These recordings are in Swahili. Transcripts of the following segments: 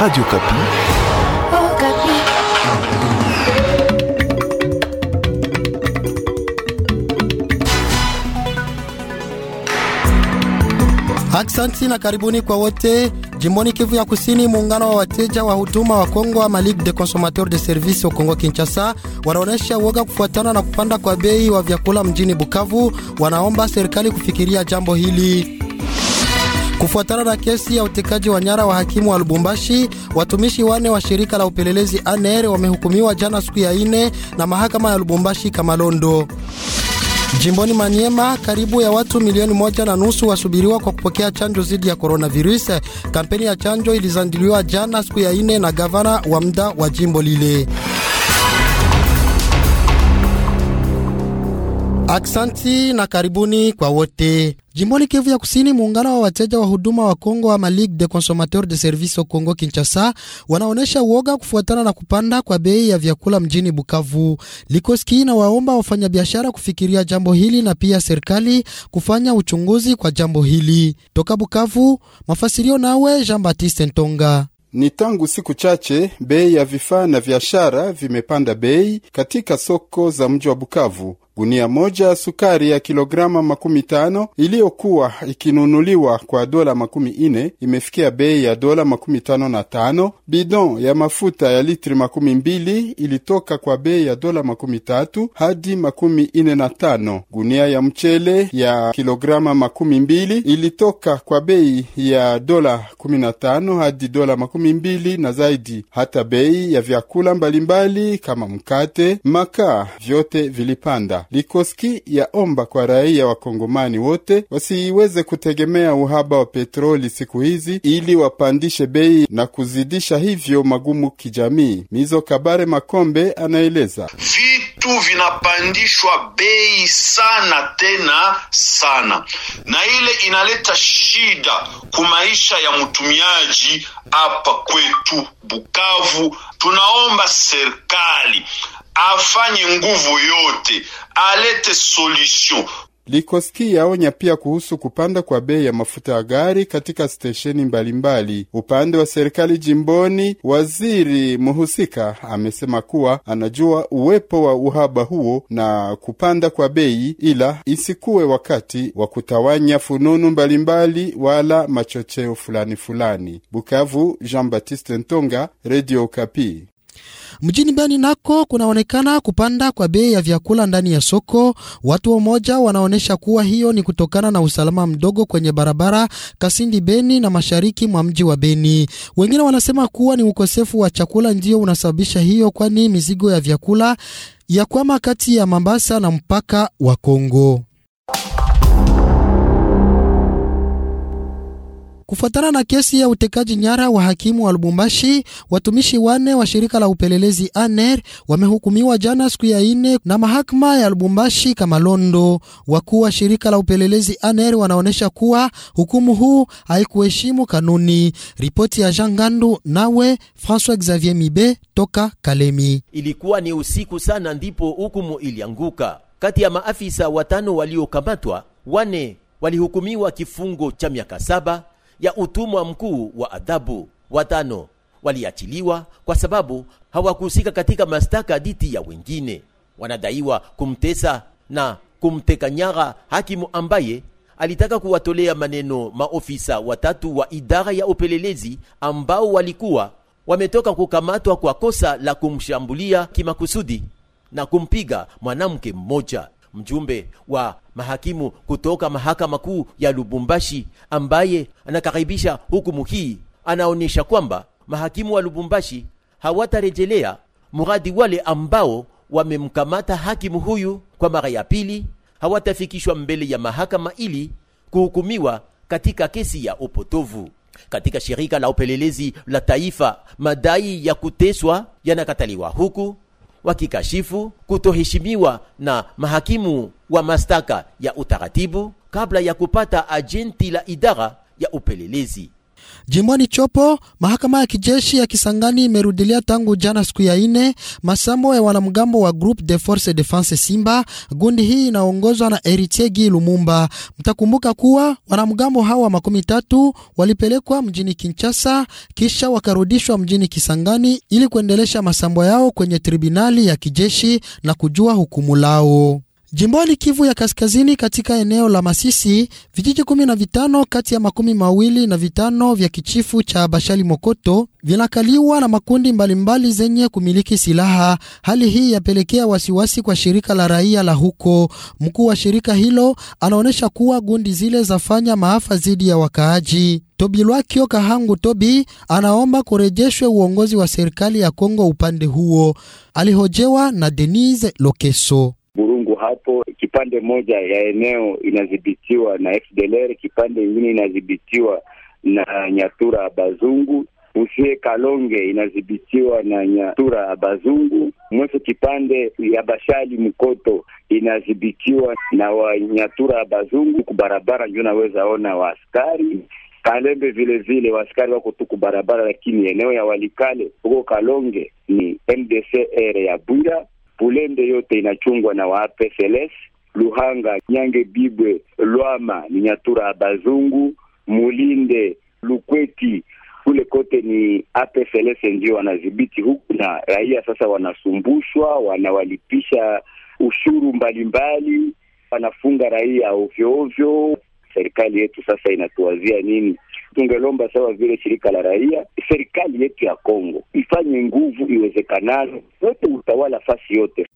Radio Kapi. Oh, Kapi. Aksanti na karibuni kwa wote. Jimboni Kivu ya Kusini, muungano wa wateja wa huduma wa Kongo ama Ligue de Consommateur de Service wa Kongo Kinshasa wanaonesha woga kufuatana na kupanda kwa bei wa vyakula mjini Bukavu. Wanaomba serikali kufikiria jambo hili. Kufuatana na kesi ya utekaji wa nyara wa hakimu wa Lubumbashi, watumishi wane wa shirika la upelelezi ANR wamehukumiwa jana siku ya ine na mahakama ya Lubumbashi Kamalondo. Jimboni Manyema, karibu ya watu milioni moja na nusu wasubiriwa kwa kupokea chanjo dhidi ya coronavirus. Kampeni ya chanjo ilizandiliwa jana siku ya ine na gavana wa muda wa jimbo lile. Aksanti na karibuni kwa wote. Jimboni Kivu ya Kusini, muungano wa wateja wa huduma wa Kongo ama Malik de Consommateur de Services au Kongo Kinshasa wanaonyesha uoga kufuatana na kupanda kwa bei ya vyakula mjini Bukavu. Likoski na waomba wafanyabiashara kufikiria jambo hili na pia serikali kufanya uchunguzi kwa jambo hili. Toka Bukavu, mafasirio nawe Jean Baptiste Ntonga. Ni tangu siku chache bei ya vifaa na biashara vimepanda bei katika soko za mji wa Bukavu gunia moja sukari ya kilograma makumi tano iliyokuwa ikinunuliwa kwa dola makumi ine imefikia bei ya dola makumi tano na tano. Bidon ya mafuta ya litri makumi mbili ilitoka kwa bei ya dola makumi tatu hadi makumi ine na tano. Gunia ya mchele ya kilograma makumi mbili ilitoka kwa bei ya dola kumi na tano hadi dola makumi mbili na zaidi. Hata bei ya vyakula mbalimbali kama mkate, makaa, vyote vilipanda likoski Likoski yaomba kwa raia wakongomani wote wasiiweze kutegemea uhaba wa petroli siku hizi ili wapandishe bei na kuzidisha hivyo magumu kijamii. Mizo Kabare Makombe anaeleza vitu vinapandishwa bei sana tena sana, na ile inaleta shida ku maisha ya mtumiaji hapa kwetu Bukavu. Tunaomba serikali afanye nguvu yote, alete solution. Likoski yaonya pia kuhusu kupanda kwa bei ya mafuta ya gari katika stesheni mbalimbali. Upande wa serikali jimboni, waziri muhusika amesema kuwa anajua uwepo wa uhaba huo na kupanda kwa bei, ila isikuwe wakati wa kutawanya fununu mbalimbali wala machocheo fulani fulani. Bukavu, Jean Baptiste Ntonga, Radio Kapi. Mjini Beni nako kunaonekana kupanda kwa bei ya vyakula ndani ya soko. Watu wamoja wanaonyesha kuwa hiyo ni kutokana na usalama mdogo kwenye barabara Kasindi Beni na mashariki mwa mji wa Beni. Wengine wanasema kuwa ni ukosefu wa chakula ndio unasababisha hiyo, kwani mizigo ya vyakula ya kwama kati ya Mambasa na mpaka wa Kongo. Kufuatana na kesi ya utekaji nyara wa hakimu wa Lubumbashi, watumishi wane wa shirika la upelelezi ANER wamehukumiwa jana siku ya ine na mahakama ya Lubumbashi Kamalondo. Wakuu wa shirika la upelelezi ANER wanaonyesha kuwa hukumu huu haikuheshimu kanuni. Ripoti ya Jean Gandu nawe François Xavier Mibe toka Kalemi. Ilikuwa ni usiku sana ndipo hukumu ilianguka. Kati ya maafisa watano waliokamatwa, wane walihukumiwa kifungo cha miaka saba ya utumwa mkuu wa adhabu. Watano waliachiliwa kwa sababu hawakuhusika katika mashtaka dhidi ya wengine. Wanadaiwa kumtesa na nyara hakimu ambaye alitaka kuwatolea maneno maofisa watatu wa idara ya upelelezi ambao walikuwa wametoka kukamatwa kwa kosa la kumshambulia kimakusudi na kumpiga mwanamke mmoja mjumbe wa mahakimu kutoka mahakama kuu ya Lubumbashi ambaye anakaribisha hukumu hii, anaonyesha kwamba mahakimu wa Lubumbashi hawatarejelea muradi wale ambao wamemkamata hakimu huyu kwa mara ya pili, hawatafikishwa mbele ya mahakama ili kuhukumiwa katika kesi ya upotovu. Katika shirika la upelelezi la taifa, madai ya kuteswa yanakataliwa huku wakikashifu kutoheshimiwa na mahakimu wa mashtaka ya utaratibu kabla ya kupata ajenti la idara ya upelelezi. Jimboni Chopo, mahakama ya kijeshi ya Kisangani imerudilia tangu jana siku ya ine masambo ya wanamgambo wa Groupe de Force Defense Simba. Gundi hii inaongozwa na Eritier Gi Lumumba. Mtakumbuka kuwa wanamgambo hawa makumi tatu walipelekwa mjini Kinshasa kisha wakarudishwa mjini Kisangani ili kuendelesha masambo yao kwenye tribunali ya kijeshi na kujua hukumu lao. Jimboni Kivu ya Kaskazini, katika eneo la Masisi, vijiji kumi na vitano kati ya makumi mawili na vitano vya kichifu cha Bashali Mokoto vinakaliwa na makundi mbalimbali mbali zenye kumiliki silaha. Hali hii yapelekea wasiwasi kwa shirika la raia la huko. Mkuu wa shirika hilo anaonyesha kuwa gundi zile zafanya maafa dhidi ya wakaaji. Tobilwakio Kahangu Tobi anaomba kurejeshwe uongozi wa serikali ya Kongo upande huo. Alihojewa na Denise Lokeso hapo. Kipande moja ya eneo inadhibitiwa na FDLR, kipande ingine inadhibitiwa na Nyatura Bazungu. usie Kalonge inadhibitiwa na Nyatura ya Bazungu. Mwisho kipande ya Bashali Mkoto inadhibitiwa na Wanyatura ya Bazungu. Kubarabara ndio naweza ona waaskari Kalembe vile vile waskari wako tu kubarabara, lakini eneo ya Walikale huko Kalonge ni mdcr ya Bwira bulende yote inachungwa na wa APCLS, Luhanga, Nyange, Bibwe, Lwama ni Nyatura ya Bazungu, Mulinde, Lukweti kule kote ni APCLS ndio wanadhibiti huku, na raia sasa wanasumbushwa, wanawalipisha ushuru mbalimbali mbali, wanafunga raia ovyo ovyo. Serikali yetu sasa inatuwazia nini? tungelomba sawa vile shirika la raia, serikali yetu ya Kongo ifanye nguvu iwezekanalo wote utawala fasi yote.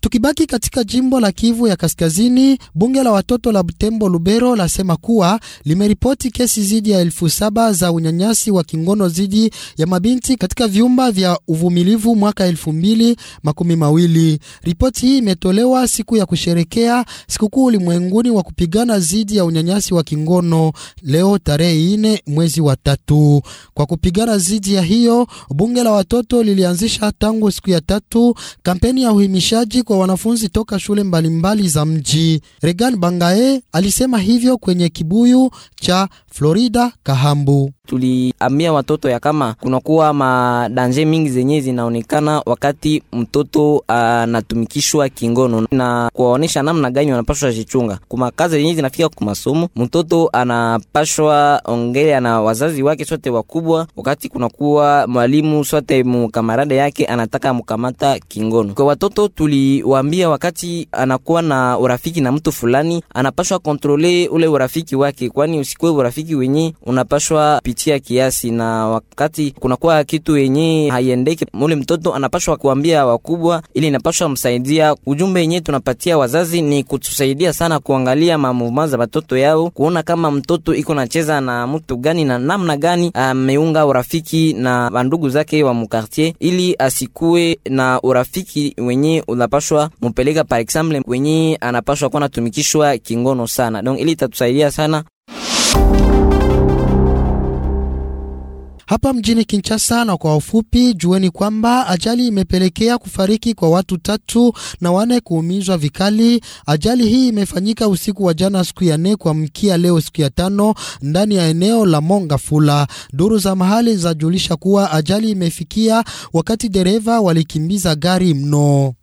Tukibaki katika jimbo la Kivu ya Kaskazini, bunge la watoto la Butembo Lubero lasema kuwa limeripoti kesi zidi ya elfu saba za unyanyasi wa kingono zidi ya mabinti katika vyumba vya uvumilivu mwaka elfu mbili makumi mawili. Ripoti hii imetolewa siku ya kusherekea sikukuu ulimwenguni wa kupigana zidi ya unyanyasi wa kingono leo tarehe nne mwezi wa tatu. Kwa kupigana zidi ya hiyo, bunge la watoto lilianzisha tangu siku ya tatu kampeni ya uhimishaji kwa wanafunzi toka shule mbalimbali za mji. Regan Bangae alisema hivyo kwenye kibuyu cha Florida Kahambu. Tuliambia watoto ya kama kunakuwa madanje mingi zenye zinaonekana wakati mtoto anatumikishwa kingono, na kuwaonesha namna gani wanapashwa jichunga kumakazi zenye zinafika kumasomo, mtoto anapashwa anaongelea na wazazi wake sote wakubwa, wakati kunakuwa mwalimu sote mukamarade yake anataka mukamata kingono. Kwa watoto tuliwaambia, wakati anakuwa na urafiki na mtu fulani anapashwa kontrole ule urafiki wake, kwani usikuwe urafiki wenye unapashwa pitia kiasi, na wakati kunakuwa kitu wenye haiendeke, mule, mtoto anapashwa kuambia wakubwa, ili inapashwa msaidia. Ujumbe yenye tunapatia wazazi ni kutusaidia sana kuangalia mamuvuma za watoto yao, kuona kama mtoto iko nacheza na mtu kitu gani na namna gani ah, ameunga urafiki na bandugu zake wa mukartier, ili asikue na urafiki wenye unapashwa mupeleka, par exemple, wenye anapashwa kuwa natumikishwa kingono sana. Donc ili itatusaidia sana hapa mjini Kinshasa na kwa ufupi, jueni kwamba ajali imepelekea kufariki kwa watu tatu na wane kuumizwa vikali. Ajali hii imefanyika usiku wa jana siku ya nne kuamkia leo siku ya tano ndani ya eneo la Monga Fula. Duru za mahali zajulisha kuwa ajali imefikia wakati dereva walikimbiza gari mno.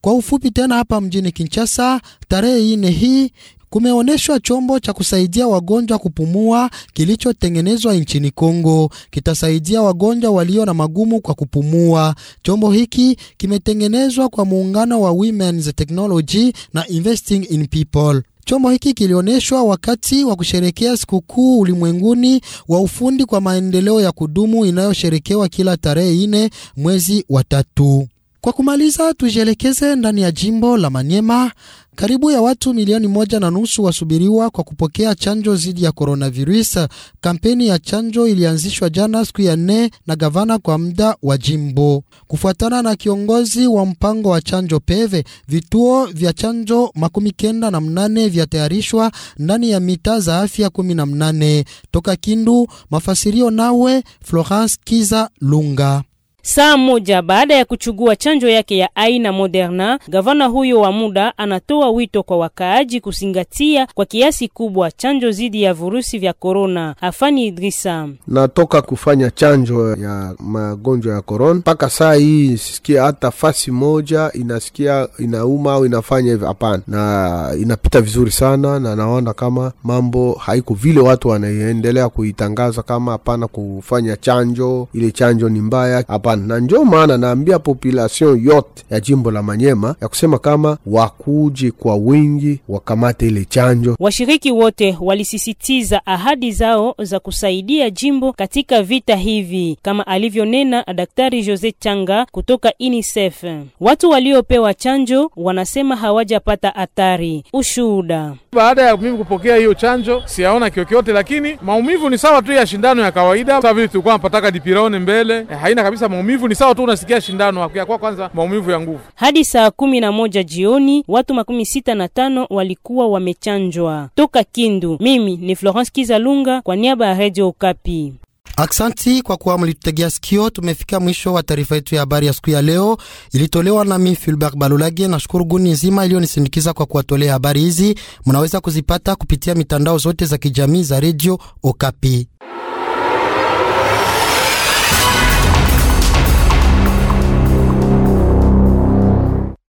Kwa ufupi tena hapa mjini Kinshasa tarehe ine hii kumeonyeshwa chombo cha kusaidia wagonjwa kupumua kilichotengenezwa nchini Kongo. Kitasaidia wagonjwa walio na magumu kwa kupumua. Chombo hiki kimetengenezwa kwa muungano wa Women's Technology na Investing in People. Chombo hiki kilioneshwa wakati wa kusherekea sikukuu ulimwenguni wa ufundi kwa maendeleo ya kudumu inayosherekewa kila tarehe ine mwezi wa tatu. Kwa kumaliza, tujielekeze ndani ya jimbo la Manyema. Karibu ya watu milioni moja na nusu wasubiriwa kwa kupokea chanjo dhidi ya coronavirus. Kampeni ya chanjo ilianzishwa jana siku ya nne na gavana kwa muda wa jimbo, kufuatana na kiongozi wa mpango wa chanjo peve. Vituo vya chanjo makumi kenda na mnane vyatayarishwa ndani ya mitaa za afya kumi na mnane toka Kindu. Mafasirio nawe Florence Kiza Lunga. Saa moja baada ya kuchugua chanjo yake ya aina Moderna, gavana huyo wa muda anatoa wito kwa wakaaji kuzingatia kwa kiasi kubwa chanjo dhidi ya virusi vya korona. Afani Idrisa: natoka kufanya chanjo ya magonjwa ya korona, mpaka saa hii sisikia hata fasi moja inasikia inauma au inafanya hivi? hapana, na inapita vizuri sana, na naona kama mambo haiko vile watu wanaendelea kuitangaza kama hapana kufanya chanjo, ile chanjo ni mbaya, hapana hapana. Na njo maana naambia population yote ya jimbo la Manyema ya kusema kama wakuje kwa wingi wakamate ile chanjo. Washiriki wote walisisitiza ahadi zao za kusaidia jimbo katika vita hivi, kama alivyonena Daktari Jose Changa kutoka UNICEF. Watu waliopewa chanjo wanasema hawajapata hatari. Ushuhuda baada ya mimi kupokea hiyo chanjo siyaona kiokiote, lakini maumivu ni sawa tu ya shindano ya kawaida, sawa vile tulikuwa tunapataka dipirone mbele, eh, haina kabisa maumivu maumivu ni sawa tu, unasikia shindano haki kwanza, maumivu ya nguvu. Hadi saa kumi na moja jioni watu makumi sita na tano walikuwa wamechanjwa toka Kindu. Mimi ni Florence Kizalunga kwa niaba ya redio Okapi. Aksanti kwa kuwa mlitutegea sikio. Tumefika mwisho wa taarifa yetu ya habari ya siku ya leo, ilitolewa nami Filbert Balolage. shukuru guni nzima iliyonisindikiza kwa kuwatolea habari hizi. Mnaweza kuzipata kupitia mitandao zote za kijamii za redio Okapi.